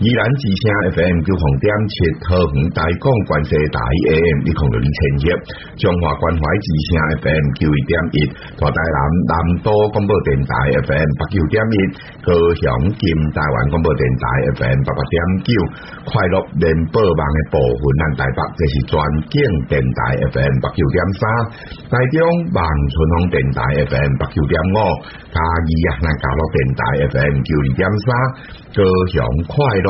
宜蘭之聲 F M 九紅點七鶴遠台廣關西大 AM 一空一七，中華關懷之聲 F M 九二點一，台南南都廣播電台 F M 八九點一，高雄金台灣廣播電台 F M 八八點九，快樂聯播網嘅部分咱台北，這是全景電台 F M 八九點三，台中望春風電台 F M 八九點五，嘉義啊咱嘉樂電台 F M 九二點三，高雄快樂。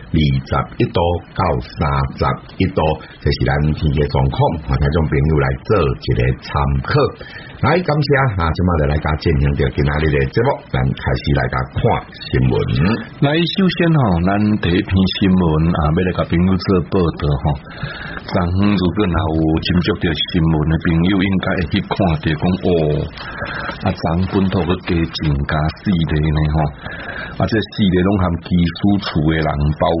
二十一度到三十一度，這是咱天氣狀況。我聽眾朋友來做一個參考。嚟，感謝啊！來今日來大家進行着今日嘅節目，咱開始來大家看新聞。嚟、嗯，首先吼、哦，咱第一篇新聞啊，要來甲朋友做報道吼，昨昏如果若有接觸着新聞嘅朋友，應該會去看下啲講哦。阿昨昏土加計加四例呢？吼，啊，即係四例攏含技術處嘅人包。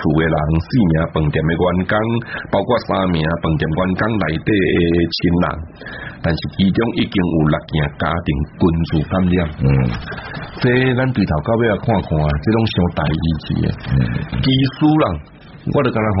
厝嘅人四名飯店嘅員工，包括三名飯店員工內底嘅親人，但是其中已經有六名家庭群聚感染。嗯，這咱對頭到尾啊看看，這種上大一級嘅，其實、嗯、人，我就覺得吼。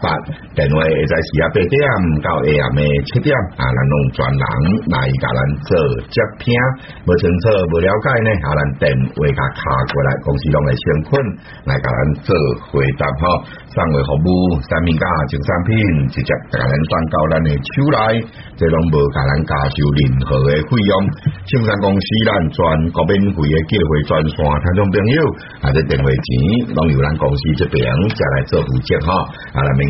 但電話會使時啊八點，到哎呀咩七點啊，攏有專人，來甲咱做接聽，無清楚無了解呢，啊咱電話甲卡過來，公司攏會紓困，來甲咱做回答吼，送位服務產品家，就產品直接甲咱轉到咱的手來，這種無甲咱加收任何的費用，青山公司咱全國免費嘅機會轉線，聽眾朋友啊，這電話錢攏由咱公司這邊再來做負責。吼。啊難明。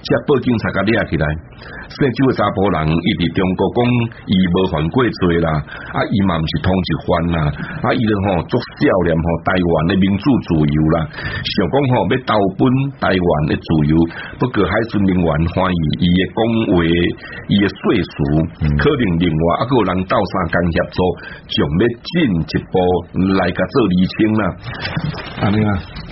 接報警察才抓起來，姓周嘅查甫人，一直中國講伊冇犯過罪啦，啊，伊嘛唔是通緝犯啦，啊，伊咧吼足少年吼台灣的民主自由啦，想講吼要投奔台灣的自由，嗯、不過海是另外懷疑伊的講話，伊嘅歲數，嗯、可能另外一有人到三江協助，將要進一步來個做理清啦，嗯、 啊？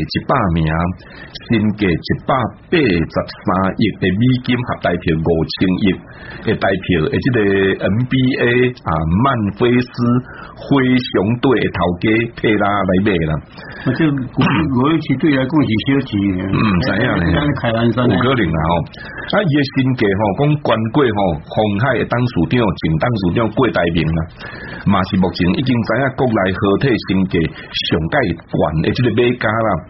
一百名，身價一百八十三億嘅美金合大票五千億嘅大票，而呢個 NBA 啊，曼菲斯灰熊隊頭家佩拉嚟買啦。我即係我，我係對佢係少錢，唔知啊，唔可，可能啊！啊，個身價哦，講冠軍哦，鴻海、哦、董事長，前董事長郭台銘啦，嘛是目前已經知啊，國內合體身價上屆冠，而呢個買家啦。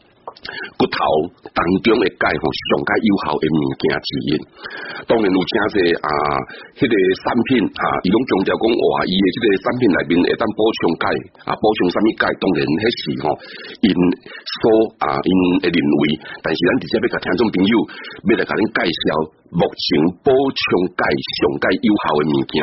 骨頭當中嘅鈣嗬，上蓋有效嘅物件之一。當然有請晒啊，呢個產品吓，伊都強調講話，伊嘅呢個產品內面會當補充鈣啊，補充什麼鈣？當然係事嗬。因、哦、所啊，因嘅認為，但是咱直接要教聽眾朋友，要嚟同你介紹目前補充鈣上蓋有效嘅物件，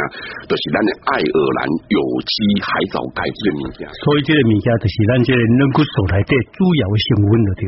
就是咱嘅愛爾蘭有機海藻鈣即個物件。這東西所以呢個物件，就是咱即係能夠熟睇嘅主要成分嗰啲。